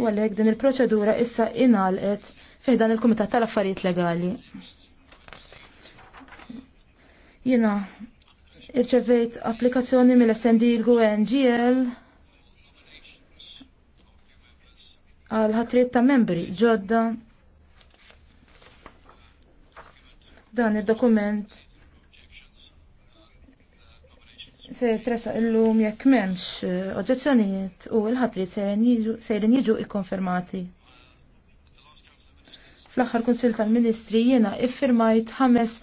U għalek din il-proċedura issa inalqet fih dan il-Kumitat tal-Affarijiet Legali. Jiena irċevejt applikazzjoni mill-SND il GL għal ħatriet ta' membri ġodda dan id-dokument se tresa illum jekk m'hemmx eh, oġġezzjonijiet u l-ħatri sejren jiġu ikkonfermati. Fl-aħħar konsil tal-Ministri jiena iffirmajt ħames